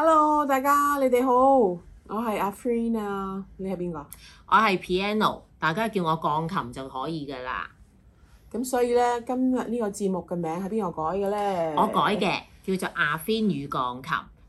Hello，大家你哋好，我係阿 Freen 啊，你係邊個？我係 Piano，大家叫我鋼琴就可以噶啦。咁所以呢，今日呢個節目嘅名係邊個改嘅呢？我改嘅，叫做阿 Freen 與鋼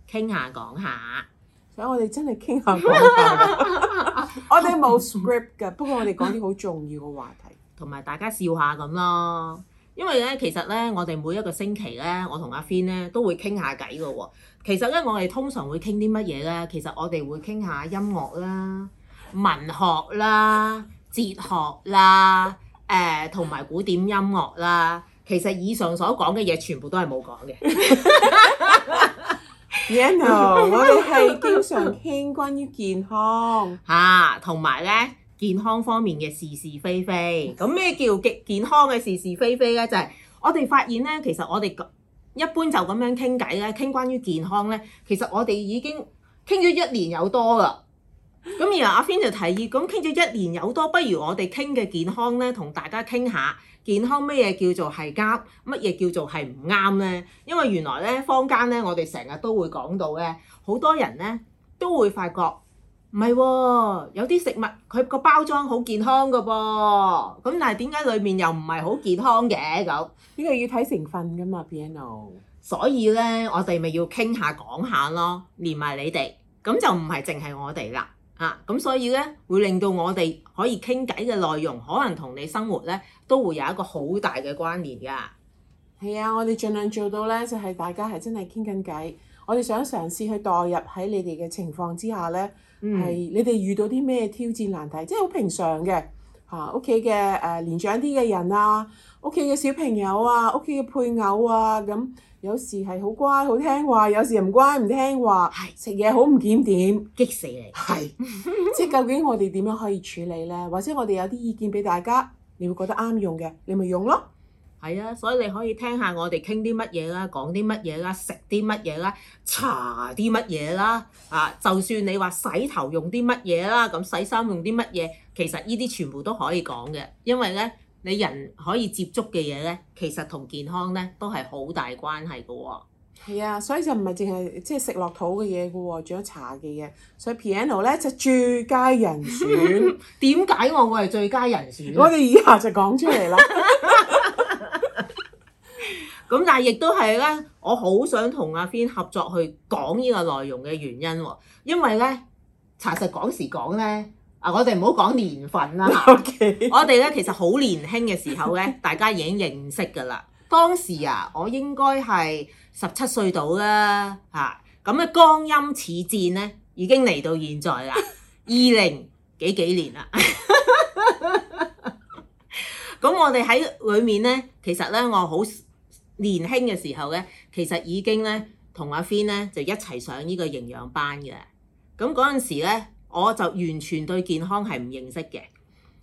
琴，傾下講下，所以我哋真係傾下講下，我哋冇 script 噶，不過我哋講啲好重要嘅話題，同埋大家笑下咁咯。因為咧，其實咧，我哋每一個星期咧，我同阿 Fin 咧都會傾下偈㗎喎。其實咧，我哋通常會傾啲乜嘢咧？其實我哋會傾下音樂啦、文學啦、哲學啦、誒同埋古典音樂啦。其實以上所講嘅嘢，全部都係冇講嘅。Yeah, no，我哋係經常傾關於健康嚇，同埋咧。健康方面嘅是是非非，咁咩叫健健康嘅是是非非咧？就係我哋發現咧，其實我哋一般就咁樣傾偈咧，傾關於健康咧，其實我哋已經傾咗一年有多啦。咁 然後阿芬就提議，咁傾咗一年有多，不如我哋傾嘅健康咧，同大家傾下健康，咩嘢叫做係啱，乜嘢叫做係唔啱咧？因為原來咧，坊間咧，我哋成日都會講到咧，好多人咧都會發覺。唔係喎，有啲食物佢個包裝好健康㗎噃，咁但係點解裡面又唔係好健康嘅咁？呢個要睇成分㗎嘛，Piano。所以咧，我哋咪要傾下講下咯，連埋你哋，咁就唔係淨係我哋啦，啊，咁所以咧會令到我哋可以傾偈嘅內容，可能同你生活咧都會有一個好大嘅關聯㗎。係啊，我哋盡量做到咧，就係、是、大家係真係傾緊偈，我哋想嘗試去代入喺你哋嘅情況之下咧。係你哋遇到啲咩挑戰難題？即係好平常嘅吓，屋企嘅誒年長啲嘅人啊，屋企嘅小朋友啊，屋企嘅配偶啊，咁有時係好乖好聽話，有時唔乖唔聽話，食嘢好唔檢點，激死你。係是， 即係究竟我哋點樣可以處理咧？或者我哋有啲意見俾大家，你會覺得啱用嘅，你咪用咯。係啊，所以你可以聽下我哋傾啲乜嘢啦，講啲乜嘢啦，食啲乜嘢啦，搽啲乜嘢啦，啊，就算你話洗頭用啲乜嘢啦，咁洗衫用啲乜嘢，其實呢啲全部都可以講嘅，因為咧你人可以接觸嘅嘢咧，其實同健康咧都係好大關係㗎喎、哦。係啊，所以就唔係淨係即係食落肚嘅嘢㗎喎，仲有搽嘅嘢，所以 Piano 咧就 最佳人選。點解 我我係最佳人選？我哋以下就講出嚟啦。 咁但係亦都係咧，我好想同阿 f 合作去講呢個內容嘅原因喎、哦，因為咧查實講時講咧，啊我哋唔好講年份啦， 我哋咧其實好年輕嘅時候咧，大家已經認識噶啦。當時啊，我應該係十七歲到啦嚇，咁嘅光陰似箭咧，已經嚟到現在啦，二零幾幾年啦。咁 我哋喺裏面咧，其實咧我好。年輕嘅時候咧，其實已經咧同阿芬咧就一齊上呢個營養班嘅。咁嗰陣時咧，我就完全對健康係唔認識嘅。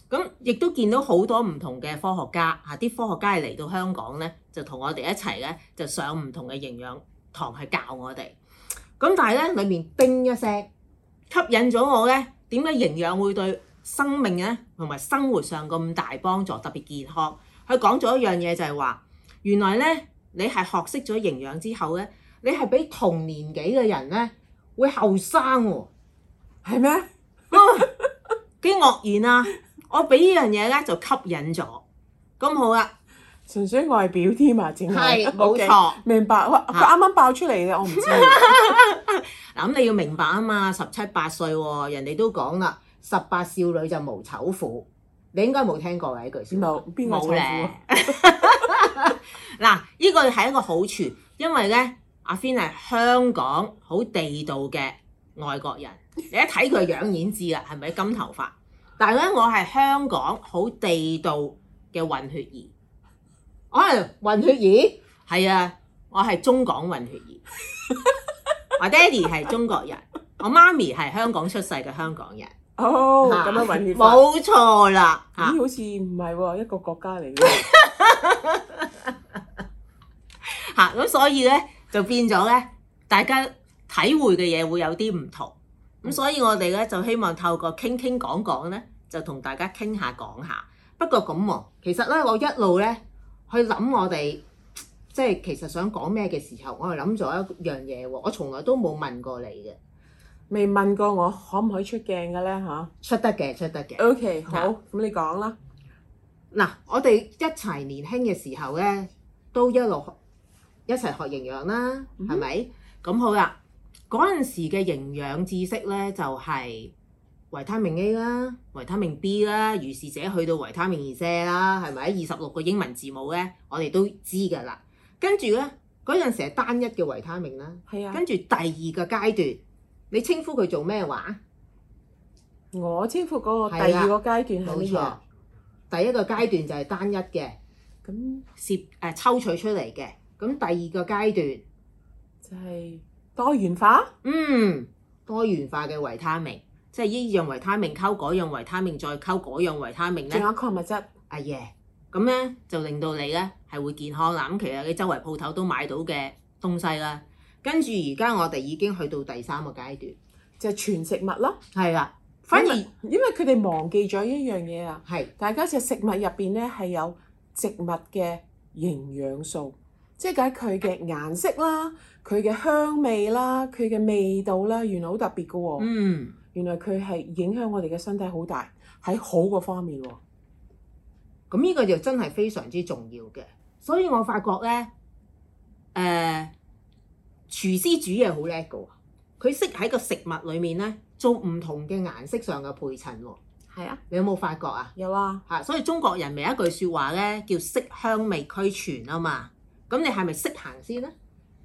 咁亦都見到好多唔同嘅科學家嚇，啲科學家嚟到香港咧就同我哋一齊咧就上唔同嘅營養堂，去教我哋。咁但係咧，裡面叮一聲吸引咗我咧，點解營養會對生命咧同埋生活上咁大幫助，特別健康？佢講咗一樣嘢就係話。原來咧，你係學識咗營養之後咧，你係比同年紀嘅人咧會後生喎，係咩嗎？幾愕、嗯、然啊！我俾呢樣嘢咧就吸引咗，咁、嗯、好啦、啊。純粹外表添啊，淨係。係，冇錯。 明白喎，啱啱爆出嚟嘅，我唔知。嗱咁 你要明白啊嘛，十七八歲喎、啊，人哋都講啦，十八少女就無醜婦，你應該冇聽過㗎呢句先。冇，邊個有誰 醜婦？嗱，呢 個係一個好處，因為呢，阿 Fin 係香港好地道嘅外國人， 你一睇佢樣演知啦，係咪金頭髮？但係咧，我係香港好地道嘅混血兒，我係混血兒，係啊，我係中港混血兒，我爹哋係中國人， 我媽咪係香港出世嘅香港人，好咁、oh, 啊、樣混血，冇錯啦，啊、咦，好似唔係喎，一個國家嚟嘅。 嚇咁、啊、所以咧就變咗咧，大家體會嘅嘢會有啲唔同。咁、嗯啊、所以我哋咧就希望透過傾傾講講咧，就同大家傾下講下。不過咁喎、啊，其實咧我一路咧去諗我哋即係其實想講咩嘅時候，我係諗咗一樣嘢喎。我從來都冇問過你嘅，未問過我可唔可以出鏡嘅咧嚇？出得嘅出得嘅。O、okay, K，好，咁、啊、你講啦。嗱、啊，我哋一齊年輕嘅時候咧，都一路。一齊學營養啦，係咪、嗯哼？咁好啦，嗰陣時嘅營養知識呢，就係、是、維他命 A 啦、維他命 B 啦，如是者去到維他命 Z 啦，係咪？二十六個英文字母呢，我哋都知㗎啦。跟住呢，嗰陣時係單一嘅維他命啦。跟住、啊、第二個階段，你稱呼佢做咩話？我稱呼嗰個第二個階段冇、啊、錯。第一個階段就係單一嘅。咁那攝誒、啊、抽取出嚟嘅。咁第二個階段就係多元化，嗯，多元化嘅維他命，即係依樣維他命溝嗰樣維他命，再溝嗰樣維他命咧，仲有礦物質。阿爺！咁咧就令到你咧係會健康啦。咁其實你周圍鋪頭都買到嘅東西啦。跟住而家我哋已經去到第三個階段，就係全食物咯。係啦，反而因為佢哋忘記咗一樣嘢啊，係大家隻食物入邊咧係有植物嘅營養素。即係解佢嘅顏色啦，佢嘅香味啦，佢嘅味道啦，原來好特別嘅喎。嗯，原來佢係影響我哋嘅身體好大，喺好個方面喎、哦。咁呢、嗯這個就真係非常之重要嘅。所以我發覺咧，誒、呃，廚師煮嘢好叻㗎喎，佢識喺個食物裡面咧做唔同嘅顏色上嘅配襯喎。係啊，你有冇發覺啊？有啊，嚇！所以中國人咪一句説話咧，叫色香味俱全啊嘛。咁、嗯、你係咪識行先咧？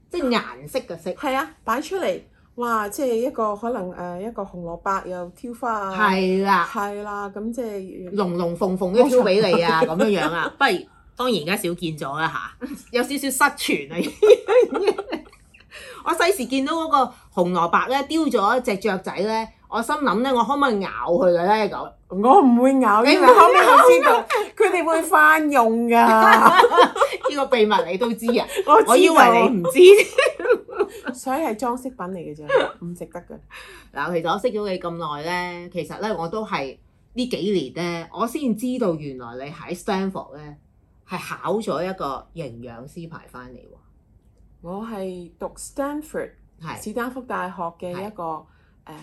即係顏色嘅色，係啊，擺出嚟，哇！即係一個可能誒一個紅蘿蔔又挑花啊。係啦、啊，係啦、嗯，咁、啊、即係。龍龍鳳鳳都挑俾你啊！咁、嗯、樣樣啊，不過當然而家少見咗啦吓，有少少失傳啊！哈哈 我細時見到嗰個紅蘿蔔咧，雕咗一隻雀仔咧，我心諗咧，我可唔可以咬佢咧？咁我唔會咬，因為後尾我知道佢哋會翻用噶。 呢 個秘密你都知啊！我，知我以為你唔知， 所以係裝飾品嚟嘅啫，唔值得㗎。嗱，其實我識咗你咁耐咧，其實咧我都係呢幾年咧，我先知道原來你喺 Stanford 咧係考咗一個營養師牌返嚟喎。我係讀 Stanford，是斯坦福大學嘅一個誒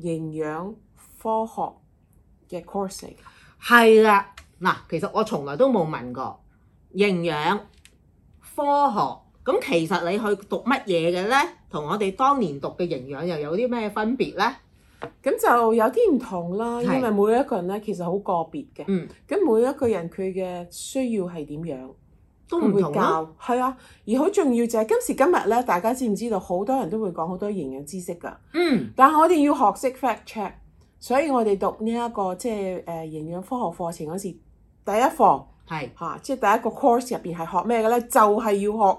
營養科學嘅 course，係啦。嗱，其實我從來都冇問過。營養科學咁，其實你去讀乜嘢嘅呢？同我哋當年讀嘅營養又有啲咩分別呢？咁就有啲唔同啦，因為每一個人呢其實好個別嘅。嗯。咁每一個人佢嘅需要係點樣？都唔會教。係啊。而好重要就係今時今日呢，大家知唔知道好多人都會講好多營養知識噶。嗯。但係我哋要學識 fact check，所以我哋讀呢一個即係誒營養科學課程嗰時第一課。係，嚇是、啊！即係第一個 course 入邊係學咩嘅咧？就係、是、要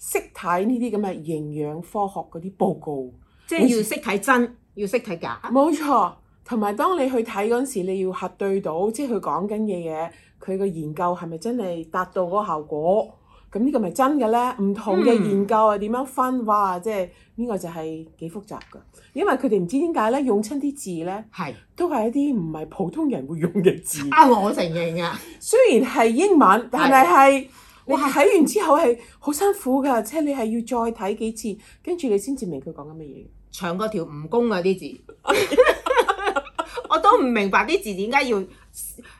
學識睇呢啲咁嘅營養科學嗰啲報告，即係要識睇真，我真，要識睇假。冇錯，同埋當你去睇嗰陣時，你要核對到，即係佢講緊嘅嘢，佢個研究係咪真係達到嗰個效果？咁呢個咪真嘅咧？唔同嘅研究啊，點樣分？哇！即係呢個就係幾複雜噶，因為佢哋唔知點解咧，用親啲字咧，是都係一啲唔係普通人會用嘅字。啊，我承認啊，雖然係英文，但係係，你睇完之後係好辛苦噶，即係你係要再睇幾次，跟住你先至明佢講緊乜嘢。長嗰條蜈蚣啊！啲字 我都唔明白啲字點解要。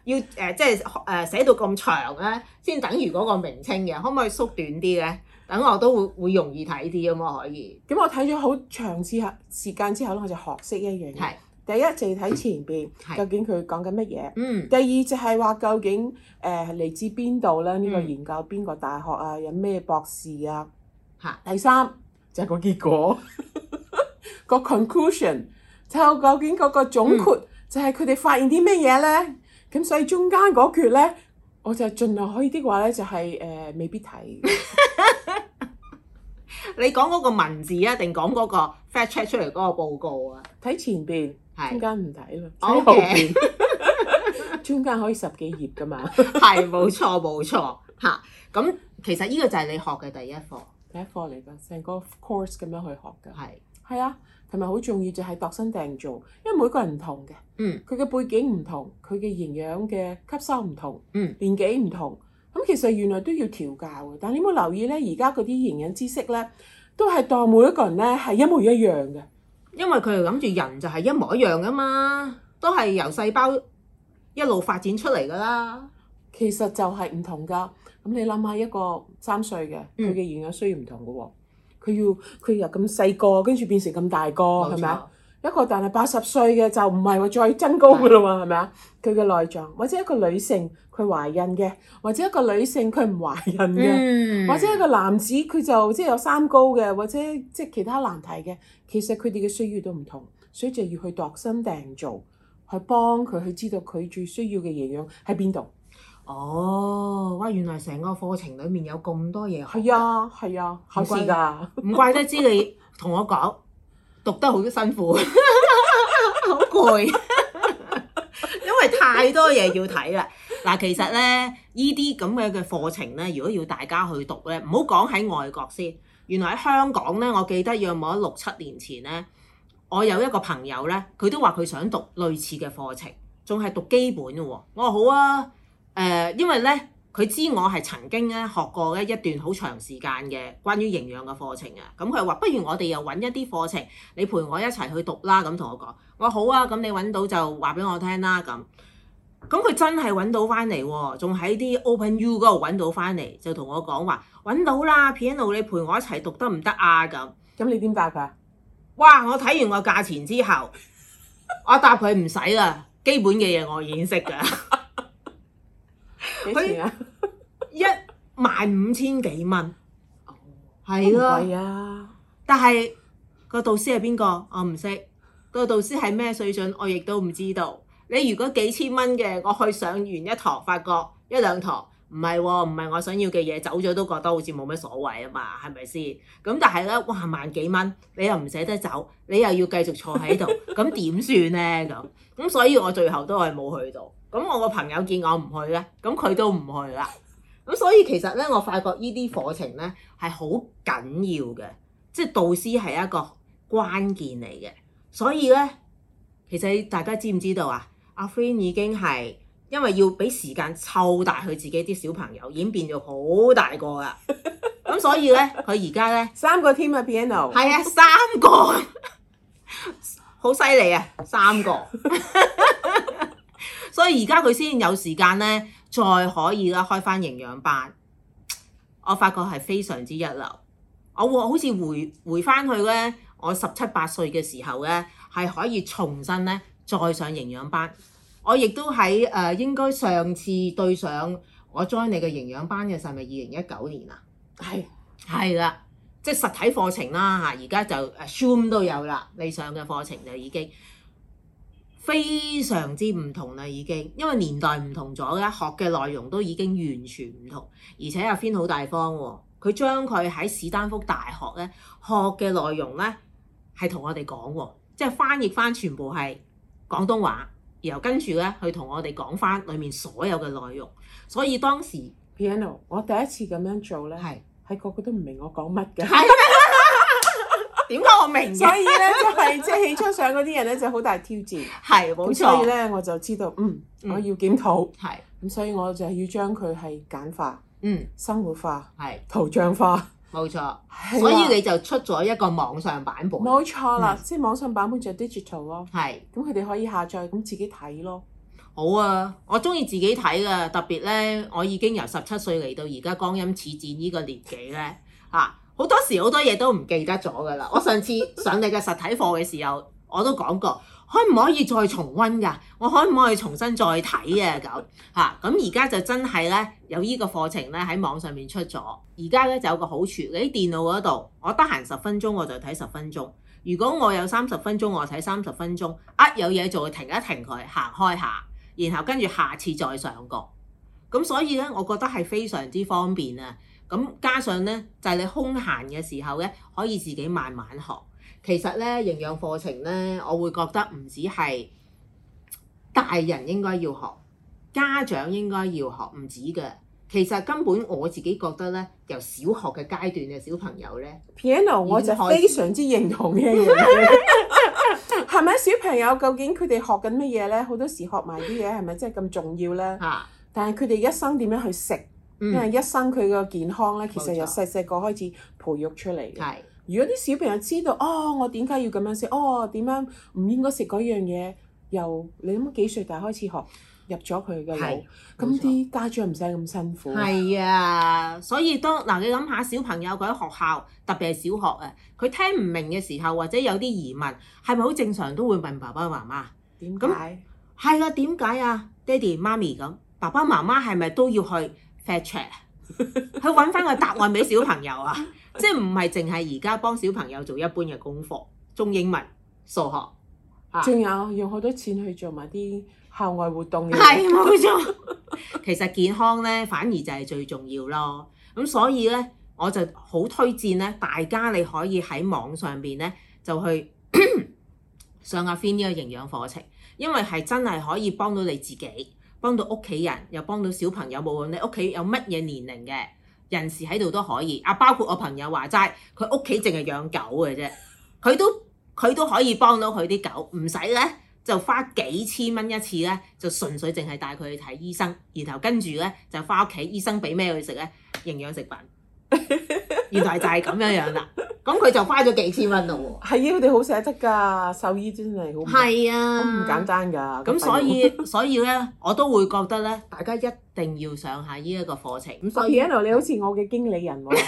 要誒、呃、即係誒、呃、寫到咁長咧，先等於嗰個名稱嘅，可唔可以縮短啲咧？等我都會會容易睇啲，咁我可以。咁我睇咗好長時時間之後咧，我就學識一樣嘢。第一就要睇前邊究竟佢講緊乜嘢。嗯。第二就係話究竟誒嚟自邊度咧？呢個研究邊個大學啊？有咩博士啊？嚇！第三就係個結果 個 conclusion，就究竟嗰個總括、嗯、就係佢哋發現啲咩嘢咧？咁所以中間嗰橛咧，我就係儘量可以啲嘅話咧、就是，就係誒未必睇。 你講嗰個文字啊，定講嗰個 fact check 出嚟嗰個報告啊？睇前邊，是中間唔睇喎，睇 Okay. 後邊。 中間可以十幾頁㗎嘛？係 冇錯冇錯嚇。咁、啊、其實呢個就係你學嘅第一課，第一課嚟㗎，成個 course 咁樣去學㗎。係是。係啊。係咪好重要？就係度身訂造，因為每個人唔同嘅，嗯，佢嘅背景唔同，佢嘅營養嘅吸收唔同，嗯，年紀唔同，咁其實原來都要調教嘅。但係你有冇留意呢，而家嗰啲營養知識呢，都係當每一個人呢係一模一樣嘅，因為佢哋諗住人就係一模一樣噶嘛，都係由細胞一路發展出嚟噶啦。其實就係唔同噶。咁你諗下一個三歲嘅，佢嘅營養需要唔同噶喎。嗯佢要佢由咁細個，跟住變成咁大個，係咪啊？一個但係八十歲嘅就唔係話再增高噶啦嘛，係咪啊？佢嘅內臟，或者一個女性佢懷孕嘅，或者一個女性佢唔懷孕嘅，嗯、或者一個男子佢就即係有三高嘅，或者即係其他難題嘅，其實佢哋嘅需要都唔同，所以就要去度身訂造，去幫佢去知道佢最需要嘅營養喺邊度。哦，哇！Oh, 原來成個課程裡面有咁多嘢，係啊，係啊，好事㗎，唔怪得知你同我講 讀得好辛苦，好 攰很累， 因為太多嘢要睇啦。嗱，其實咧，呢啲咁嘅嘅課程咧，如果要大家去讀咧，唔好講喺外國先，原來喺香港咧，我記得約莫喺六七年前咧，我有一個朋友咧，佢都話佢想讀類似嘅課程，仲係讀基本嘅喎、哦。我話好啊。誒、呃，因為咧，佢知我係曾經咧學過咧一段好長時間嘅關於營養嘅課程啊，咁佢話不如我哋又揾一啲課程，你陪我一齊去讀啦，咁同我講，我好啊，咁你揾到就話俾我聽啦，咁，咁佢真係揾到翻嚟喎，仲喺啲 Open U 嗰度揾到翻嚟，就同我講話揾到啦，Piano 你陪我一齊讀得唔得啊？咁，咁你點答佢？哇！我睇完個價錢之後，我答佢唔使啦，基本嘅嘢我已經識噶。 錢啊？ 一萬五千幾蚊，係咯、哦，的啊、但係、個導師係邊個？我唔識，個導師係咩水準，我亦都唔知道。你如果幾千蚊嘅，我去上完一堂，發覺一兩堂唔係，唔係、哦、我想要嘅嘢，走咗都覺得好似冇乜所謂啊嘛，係咪先？咁但係咧，哇萬幾蚊，你又唔捨得走，你又要繼續坐喺度，咁點算咧咁？咁所以我最後都係冇去到。咁我個朋友見我唔去咧，咁佢都唔去啦。咁所以其實咧，我發覺呢啲課程咧係好緊要嘅，即係導師係一個關鍵嚟嘅。所以咧，其實大家知唔知道啊？ 阿 Finn 已經係因為要俾時間湊大佢自己啲小朋友，演變咗好大個啦。咁 所以咧，佢而家咧三個 team 嘅 piano，係啊三個， 好犀利啊三個。 所以而家佢先有時間咧，再可以咧開翻營養班。我發覺係非常之一流。我好似回，回回翻去咧，我十七八歲嘅時候咧，係可以重新咧再上營養班。我亦都喺誒、呃，應該上次對上我 join 你嘅營養班嘅時係咪二零一九年啊？係、哎、係啦，即係實體課程啦嚇，而家就 Zoom 都有啦，你上嘅課程就已經。非常之唔同啦，已經，因為年代唔同咗咧，學嘅內容都已經完全唔同，而且又 Fin 好大方喎，哦，佢將佢喺史丹福大學咧學嘅內容咧，係同我哋講喎，即係翻譯翻全部係廣東話，然後呢跟住咧去同我哋講翻裏面所有嘅內容，所以當時 Piano 我第一次咁樣做咧，係，係是個個都唔明我講乜嘅。是 點解我明所以咧，就係即係起初上嗰啲人咧，就好大挑戰。係冇錯。所以咧，我就知道，嗯，我要檢討。係。咁所以我就係要將佢係簡化。嗯。生活化。係。圖像化。冇錯。所以你就出咗一個網上版本。冇錯啦，即係網上版本就 digital 咯。係。咁佢哋可以下載，咁自己睇咯。好啊，我中意自己睇噶，特別咧，我已經由十七歲嚟到而家光陰似箭呢個年紀咧，啊！好多時好多嘢都唔記得咗㗎啦！我上次上你嘅實體課嘅時候，我都講過，可唔可以再重溫㗎？我可唔可以重新再睇啊？咁嚇咁而家就真係咧，有呢個課程咧喺網上面出咗。而家咧就有個好處，喺電腦嗰度，我得閒十分鐘我就睇十分鐘。如果我有三十分鐘，我睇三十分鐘。啊，有嘢就會停一停佢，行開下，然後跟住下次再上過。咁、嗯、所以咧，我覺得係非常之方便啊！咁加上呢，就係、是、你空閒嘅時候呢，可以自己慢慢學。其實呢，營養課程呢，我會覺得唔止係大人應該要學，家長應該要學，唔止嘅。其實根本我自己覺得呢，由小學嘅階段嘅小朋友呢，piano 我就非常之認同嘅嘢。係咪 小朋友？究竟佢哋學緊乜嘢呢？好多時學埋啲嘢係咪真係咁重要呢？啊！但係佢哋一生點樣去食？嗯、因為一生佢個健康咧，錯其實由細細個開始培育出嚟。係是如果啲小朋友知道哦，我點解要咁樣食？哦，點樣唔應該食嗰樣嘢？又你諗幾歲大開始學入咗佢嘅腦，咁啲家長唔使咁辛苦。係啊，所以當嗱、呃，你諗下小朋友佢喺學校，特別係小學啊，佢聽唔明嘅時候，或者有啲疑問，係咪好正常都會問爸爸媽媽點解？係啊，點解啊，爹哋媽咪咁，爸爸媽媽係咪都要去？Pet ra, 去揾翻個答案俾小朋友啊！ 即係唔係淨係而家幫小朋友做一般嘅功課，中英文、數學，仲有用好多錢去做埋啲校外活動，係冇錯。其實健康咧反而就係最重要咯。咁所以咧，我就好推薦咧，大家你可以喺網上邊咧就去 上阿 Fin 呢個營養課程，因為係真係可以幫到你自己。幫到屋企人，又幫到小朋友，無論你屋企有乜嘢年齡嘅人士喺度都可以。啊，包括我朋友話齋，佢屋企淨係養狗嘅啫，佢都佢都可以幫到佢啲狗，唔使咧就花幾千蚊一次咧，就純粹淨係帶佢去睇醫生，然後跟住咧就返屋企，醫生俾咩佢食咧，營養食品，原來就係咁樣樣啦。咁佢就花咗幾千蚊咯喎！係啊，佢哋好捨得噶，獸醫真係好，啊，咁唔簡單噶。咁所， 所以，所以咧，我都會覺得咧，大家一定要上下呢一個課程。所以 a n、啊、以你好似我嘅經理人喎。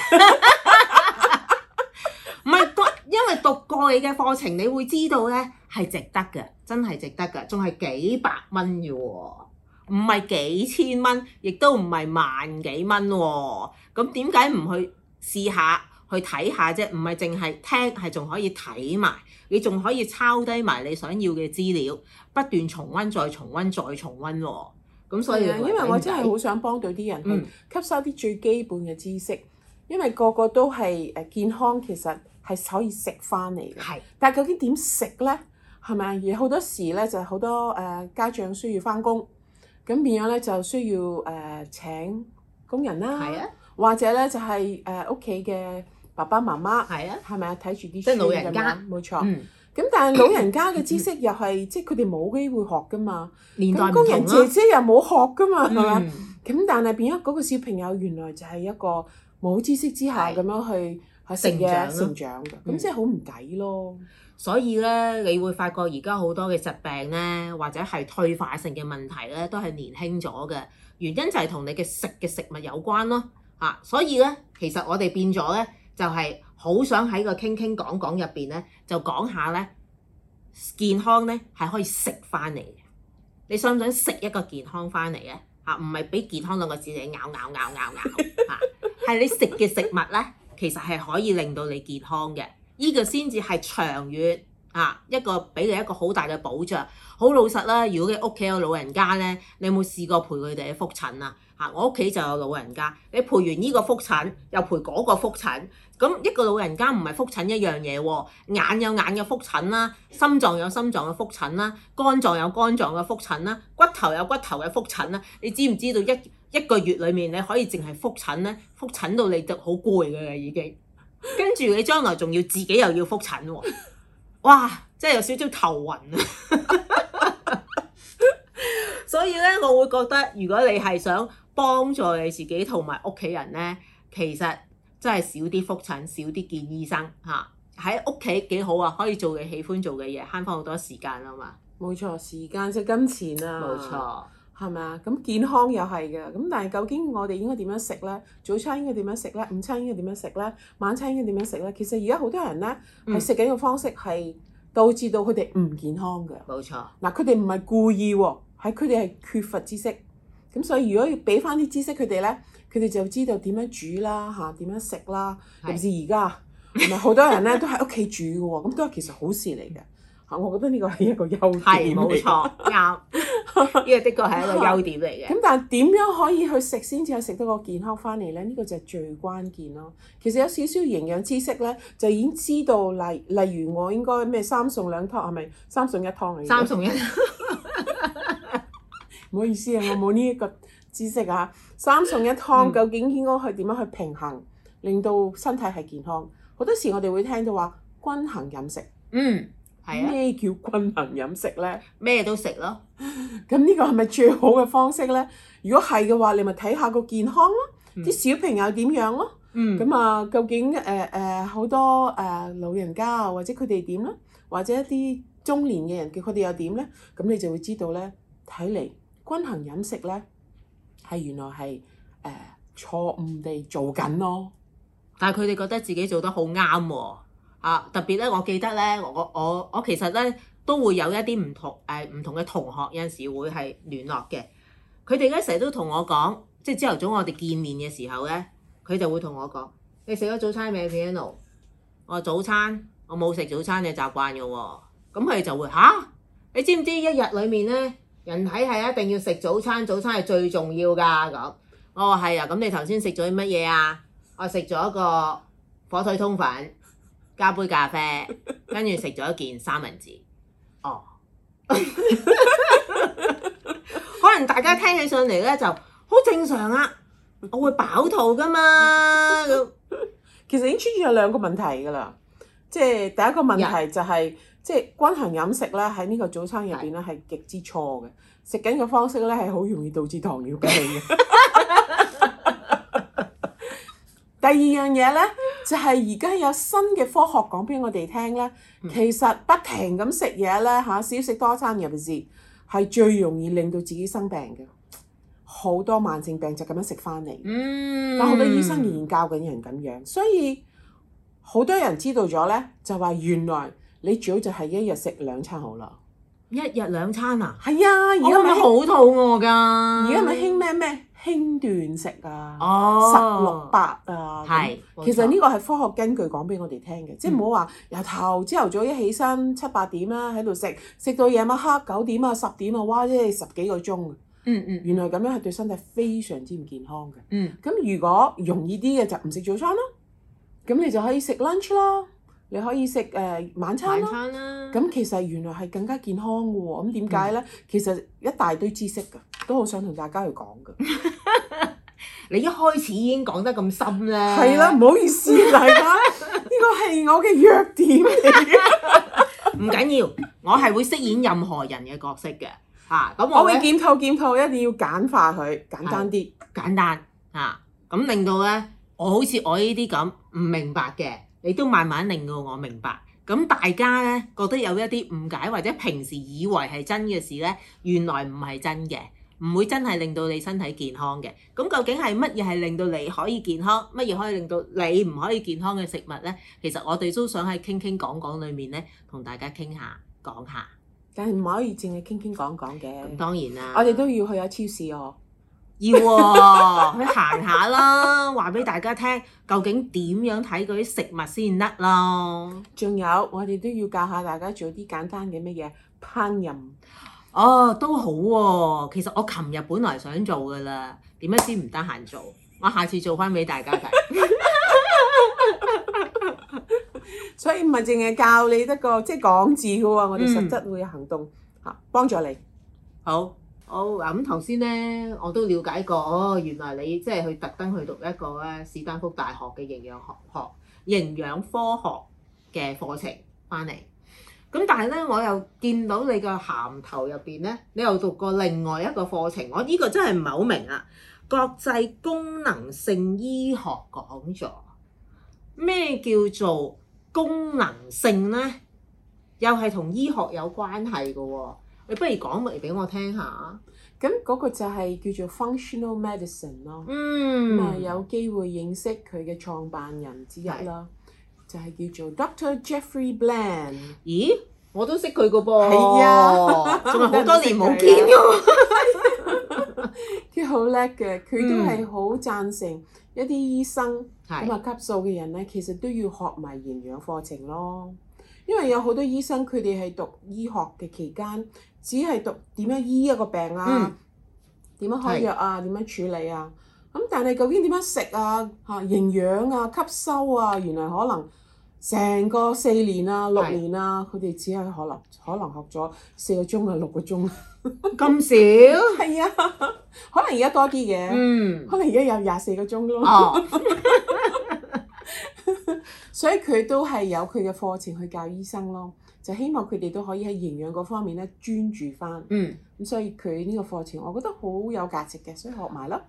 唔係讀，因為讀過你嘅課程，你會知道咧係值得嘅，真係值得嘅，仲係幾百蚊嘅喎，唔係幾千蚊，亦都唔係萬幾蚊喎。咁點解唔去試下？去睇下啫，唔係淨係聽，係仲可以睇埋，你仲可以抄低埋你想要嘅資料，不斷重溫、再重溫、再重溫喎。咁所以的，因為我真係好想幫到啲人去吸收啲最基本嘅知識，嗯、因為個個都係誒健康，其實係可以食翻嚟嘅。係的，但究竟點食咧？係咪？而好多時咧，就好多誒、呃、家長需要翻工，咁變咗咧就需要誒、呃、請工人啦、啊，的或者咧就係誒屋企嘅。呃爸爸媽媽係啊，係咪啊？睇住啲即係老人家，冇錯。咁、嗯、但係老人家嘅知識又係、嗯、即係佢哋冇機會學噶嘛。年代唔同啦。工人姐姐又冇學噶嘛，係咪、嗯？咁但係變咗嗰個小朋友，原來就係一個冇知識之下咁樣去去成長成長嘅，咁、嗯、即係好唔抵咯。所以咧，你會發覺而家好多嘅疾病咧，或者係退化性嘅問題咧，都係年輕咗嘅原因就係同你嘅食嘅食物有關咯。啊，所以咧，其實我哋變咗咧。就係好想喺個傾傾講講入邊咧，就講下咧，健康咧係可以食翻嚟嘅。你想唔想食一個健康翻嚟嘅？啊，唔係俾健康兩個字你咬咬咬咬咬啊，係你食嘅食物咧，其實係可以令到你健康嘅。呢個先至係長遠啊，一個俾你一個好大嘅保障。好老實啦、啊，如果你屋企有老人家咧，你有冇試過陪佢哋去覆診啊？我屋企就有老人家，你陪完呢個覆診，又陪嗰個覆診，咁一個老人家唔係覆診一樣嘢喎，眼有眼嘅覆診啦，心臟有心臟嘅覆診啦，肝臟有肝臟嘅覆診啦，骨頭有骨頭嘅覆診啦，你知唔知道一一個月裏面你可以淨係覆診咧？覆診到你就好攰㗎喇已經的的，跟住你將來仲要自己又要覆診喎，哇！真係有少少頭暈啊， 所以咧我會覺得如果你係想，幫助你自己同埋屋企人呢，其實真係少啲覆診，少啲見醫生嚇。喺屋企幾好啊，可以做嘅喜歡做嘅嘢，慳翻好多時間啊嘛。冇錯，時間即係金錢啊。冇錯，係咪啊？咁健康又係嘅。咁但係究竟我哋應該點樣食呢？早餐應該點樣食呢？午餐應該點樣食呢？晚餐應該點樣食呢？其實而家好多人呢，係食緊嘅方式係導致到佢哋唔健康嘅。冇錯。嗱，佢哋唔係故意喎，係佢哋係缺乏知識。咁、嗯、所以如果要俾翻啲知識佢哋咧，佢哋就知道點樣煮啦嚇，點、啊、樣食啦，係唔係？而家唔係好多人咧都喺屋企煮嘅喎，咁、嗯、都係其實好事嚟嘅嚇。我覺得呢個係一個優點嚟。係，冇錯，啱。呢 個的確係一個優點嚟嘅。咁、嗯嗯、但係點樣可以去食先至食得個健康翻嚟咧？呢、這個就係最關鍵咯。其實有少少營養知識咧，就已經知道，例例如我應該咩三餸兩湯係咪？三餸一湯嚟。三餸一。 唔好意思啊， 我冇呢一個知識啊。三餸一湯、嗯、究竟應該去點樣去平衡，令到身體係健康？好多時我哋會聽到話均衡飲食。嗯，係啊。咩叫均衡飲食咧？咩都食咯。咁呢個係咪最好嘅方式咧？如果係嘅話，你咪睇下個健康咯，啲、嗯、小朋友點樣咯。嗯。咁啊，究竟誒誒好多誒、呃、老人家啊，或者佢哋點咧？或者一啲中年嘅人叫，佢佢哋又點咧？咁你就會知道咧。睇嚟。均衡飲食咧，係原來係誒、呃、錯誤地做緊咯。但係佢哋覺得自己做得好啱喎。啊，特別咧，我記得咧，我我我其實咧都會有一啲唔同誒唔、呃、同嘅同學有陣時會係聯絡嘅。佢哋一成日都同我講，即係朝頭早我哋見面嘅時候咧，佢就會同我講：你食咗早餐未？Piano，我早餐我冇食早餐嘅習慣嘅喎、哦。咁佢就會吓、啊？你知唔知一日裡面咧？人體係一定要食早餐，早餐係最重要噶。咁，哦係啊，咁你頭先食咗啲乜嘢啊？我食咗一個火腿通粉，加杯咖啡，跟住食咗一件三文治。哦， 可能大家聽起上嚟咧就好正常啊，我會飽肚噶嘛。咁 其實已經出現有兩個問題噶啦，即係第一個問題就係。Yep. 即係均衡飲食咧，喺呢個早餐入邊咧係極之錯嘅。食緊嘅方式咧係好容易導致糖尿病嘅。第二樣嘢咧就係而家有新嘅科學講俾我哋聽咧，其實不停咁食嘢咧嚇少食多餐入邊係最容易令到自己生病嘅。好多慢性病就咁樣食翻嚟。嗯。但係好多醫生仍然教緊人咁樣，所以好多人知道咗咧就話原來。你最好就係一日食兩餐好啦。一日兩餐啊？係啊，而家咪好肚餓㗎。而家咪興咩咩輕斷食啊？哦，十六八啊。係。其實呢個係科學根據講俾我哋聽嘅，嗯、即係唔好話由頭朝頭早一起身七八點啦、啊，喺度食食到夜晚黑九點啊十點啊，哇！即係十幾個鐘、啊嗯。嗯嗯。原來咁樣係對身體非常之唔健康嘅。嗯。咁如果容易啲嘅就唔食早餐咯，咁你就可以食 lunch 咯。你可以食誒、呃、晚餐啦。咁、嗯啊、其實原來係更加健康嘅喎。咁點解呢？嗯、其實一大堆知識噶，都好想同大家去講噶。 你一開始已經講得咁深啦。係啦、啊，唔好意思大家，呢個係我嘅弱點嚟嘅。唔緊要，我係會飾演任何人嘅角色嘅。嚇、啊，咁我會檢討,會檢,討檢討，一定要簡化佢，簡單啲，簡單啊。咁令到呢，啊、我好似我呢啲咁唔明白嘅。 你都慢慢令到我明白，咁大家呢，覺得有一啲誤解或者平時以為係真嘅事呢，原來唔係真嘅，唔會真係令到你身體健康嘅。咁究竟係乜嘢係令到你可以健康，乜嘢可以令到你唔可以健康嘅食物呢？其實我哋都想喺傾傾講講裏面呢，同大家傾下講下。談談，但係唔可以淨係傾傾講講嘅，咁當然啦，我哋都要去下超市哦。要喎、啊，去行下啦，話俾大家聽，究竟點樣睇嗰啲食物先得咯？仲有，我哋都要教下大家做啲簡單嘅乜嘢烹飪？哦、啊，都好喎、啊，其實我琴日本來想做噶啦，點樣先唔得閒做？我下次做翻俾大家睇。 所以唔係淨係教你得個，即係講字嘅喎，我哋實質會有行動嚇、嗯啊、幫助你。好。好咁頭先咧，我都了解過，哦，原來你即係去特登去讀一個咧，史丹福大學嘅營養學、學營養科學嘅課程翻嚟。咁但係咧，我又見到你個銜頭入邊咧，你又讀過另外一個課程，我呢個真係唔係好明啊！國際功能性醫學講座，咩叫做功能性咧？又係同醫學有關係嘅喎。你不如講嚟俾我聽下，咁嗰個就係叫做 functional medicine 咯，咁啊、嗯、有機會認識佢嘅創辦人之一啦，是就係叫做 Dr. Jeffrey Bland。咦？我都識佢個噃，係是啊，仲 好多年冇見㗎喎。佢好叻嘅，佢都係好贊成一啲醫生咁啊、嗯、級數嘅人咧，其實都要學埋營養課程咯，因為有好多醫生佢哋係讀醫學嘅期間。只係讀點樣醫一個病啊？點、嗯、樣開藥啊？點是樣處理啊？咁但係究竟點樣食啊？吓營養啊、吸收啊，原來可能成個四年啊、六年啊，佢哋是只係可能可能學咗四個鐘啊、六個鐘。咁 少？係啊，可能而家多啲嘅，嗯，可能而家有廿四個鐘咯。哦、 所以佢都係有佢嘅課程去教醫生咯。就希望佢哋都可以喺營養嗰方面咧專注翻，咁、嗯、所以佢呢個課程，我覺得好有價值嘅，所以、嗯、學埋咯。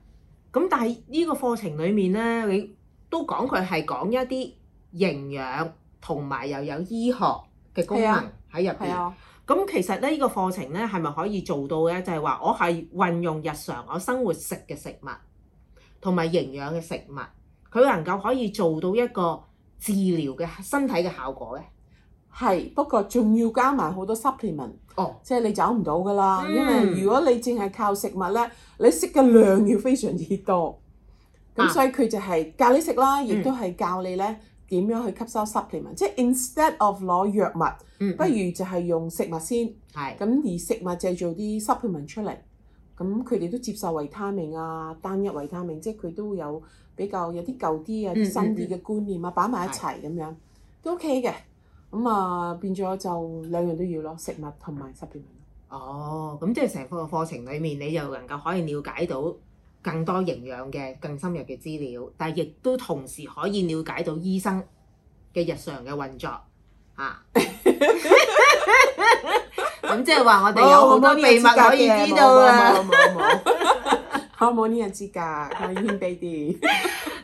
咁但係呢個課程裡面呢，你都講佢係講一啲營養同埋又有醫學嘅功能喺入邊。咁、啊啊、其實呢、呢個課程呢，係咪可以做到嘅？就係、是、話我係運用日常我生活食嘅食物同埋營養嘅食物，佢能夠可以做到一個治療嘅身體嘅效果呢？係，不過仲要加埋好多 supplement，即係你找唔到噶啦。因為如果你淨係靠食物咧，你食嘅量要非常之多。咁所以佢就係教你食啦，亦都係教你咧點樣去吸收 supplement。即係 instead of 攞藥物，不如就係用食物先。係。咁而食物製造啲 supplement 出嚟，咁佢哋都接受維他命啊，單一維他命，即係佢都會有比較有啲舊啲啊、新啲嘅觀念啊，擺埋一齊咁樣都 OK 嘅。咁啊，變咗就兩樣都要咯，食物同埋濕點。哦，咁即係成個課程裡面，你就能夠可以了解到更多營養嘅更深入嘅資料，但係亦都同時可以了解到醫生嘅日常嘅運作啊。咁 即係話我哋有好、哦、多秘密可以知道啊！可唔可以呢日知㗎？咁樣俾啲。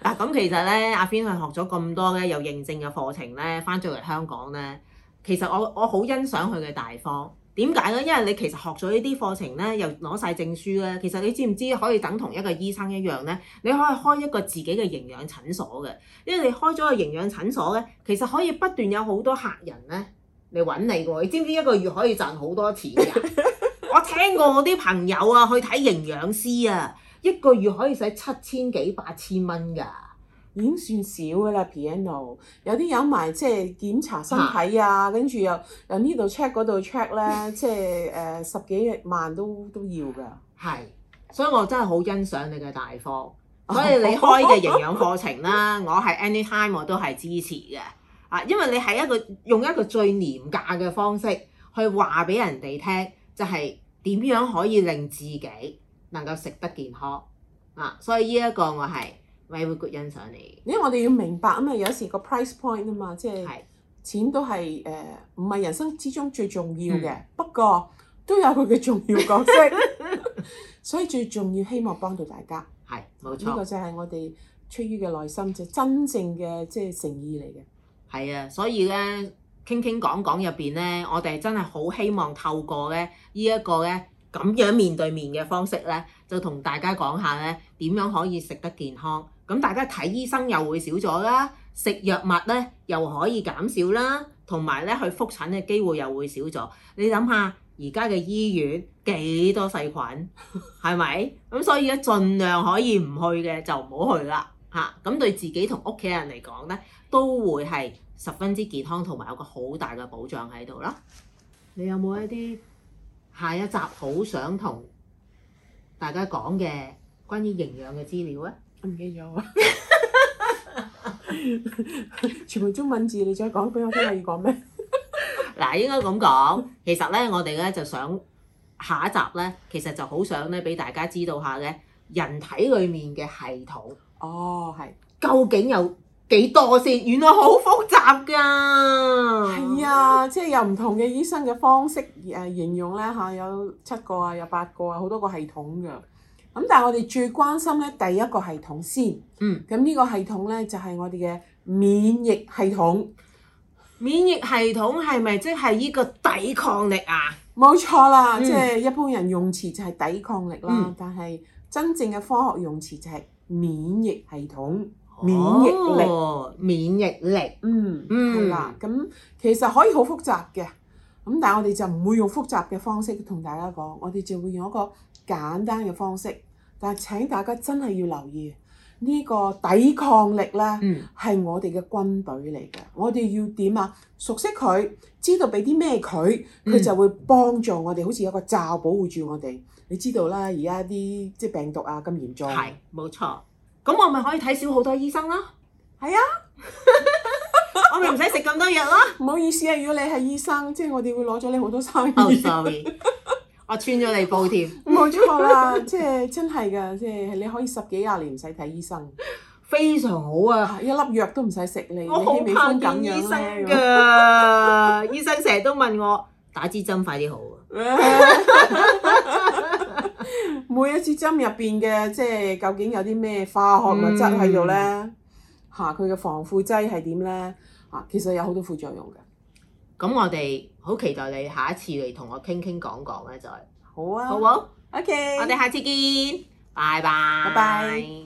嗱咁、啊、其實咧，阿 Fin 佢學咗咁多咧，呢又認證嘅課程咧，翻咗嚟香港咧，其實我我好欣賞佢嘅大方。點解咧？因為你其實學咗呢啲課程咧，又攞晒證書咧，其實你知唔知可以等同一個醫生一樣咧？你可以開一個自己嘅營養診所嘅。因為你開咗個營養診所咧，其實可以不斷有好多客人咧嚟揾你嘅喎。你知唔知一個月可以賺好多錢㗎？ 我聽過我啲朋友啊去睇營養師啊，一個月可以使七千幾八千蚊㗎，已經算少㗎啦。Piano 有啲有埋即係檢查身體啊，跟住的又又呢度 check 嗰度 check 咧， 即係誒、呃、十幾萬都都要㗎。係，所以我真係好欣賞你嘅大方。所以你開嘅營養課程啦， 我係 anytime 我都係支持嘅。啊，因為你係一個用一個最廉價嘅方式去話俾人哋聽，就係點樣可以令自己能夠食得健康啊，所以呢一個我係會會好欣賞你。因為我哋要明白啊嘛，有時個 price point 啊嘛，即、就、係、是、錢都係誒唔係人生之中最重要嘅，嗯、不過都有佢嘅重要角色。 所以最重要，希望幫到大家係冇錯。呢個就係我哋出於嘅內心，即、就是、真正嘅即係誠意嚟嘅。係啊，所以咧傾傾講講入邊咧，我哋真係好希望透過咧呢一個咧。咁樣面對面嘅方式咧，就同大家講下咧，點樣可以食得健康。咁大家睇醫生又會少咗啦，食藥物咧又可以減少啦，同埋咧去覆診嘅機會又會少咗。你諗下，而家嘅醫院幾多細菌，係 咪？咁所以咧，盡量可以唔去嘅就唔好去啦。嚇、啊，咁對自己同屋企人嚟講咧，都會係十分之健康，同埋有個好大嘅保障喺度咯。你有冇一啲？下一集好想同大家講嘅關於營養嘅資料啊！我唔記咗全部中文字，你再講俾我聽話話，可要講咩？嗱，應該咁講，其實咧，我哋咧就想下一集咧，其實就好想咧俾大家知道下咧人體裏面嘅系統。哦，係。究竟有？幾多先？原來好複雜㗎。係啊，即係有唔同嘅醫生嘅方式誒形容咧嚇，有七個啊，有八個啊，好多個系統㗎。咁但係我哋最關心咧第一個系統先。嗯。咁呢個系統咧就係、是、我哋嘅免疫系統。免疫系統係咪即係呢個抵抗力啊？冇錯啦，嗯、即係一般人用詞就係抵抗力啦，嗯、但係真正嘅科學用詞就係免疫系統。免疫力、哦，免疫力，嗯，係、嗯、啦，咁其實可以好複雜嘅，咁但係我哋就唔會用複雜嘅方式同大家講，我哋就會用一個簡單嘅方式，但係請大家真係要留意呢、呢個抵抗力咧，係、嗯、我哋嘅軍隊嚟嘅，我哋要點啊？熟悉佢，知道俾啲咩佢，佢就會幫助我哋，嗯、好似有個罩保護住我哋。你知道啦，而家啲即係病毒啊咁嚴重，係，冇錯。咁我咪可以睇少好多醫生咯，係啊， 我咪唔使食咁多藥咯。唔 好意思啊，如果你係醫生，即係我哋會攞咗你好多收入。Oh, sorry. 我穿咗你煲添。冇 錯啦，即係真係噶，即係你可以十幾廿年唔使睇醫生， 非常好啊， 一粒藥都唔使食你。我好怕見醫生㗎， 醫生成日都問我打支針快啲好。 每一次針入面嘅，即係究竟有啲咩化學物質喺度咧？吓、嗯，佢嘅、啊、防腐劑係點咧？吓、啊，其實有好多副作用嘅。咁我哋好期待你下一次嚟同我傾傾講講咧，就係。好啊。好冇？OK，我哋下次見，拜拜。拜拜。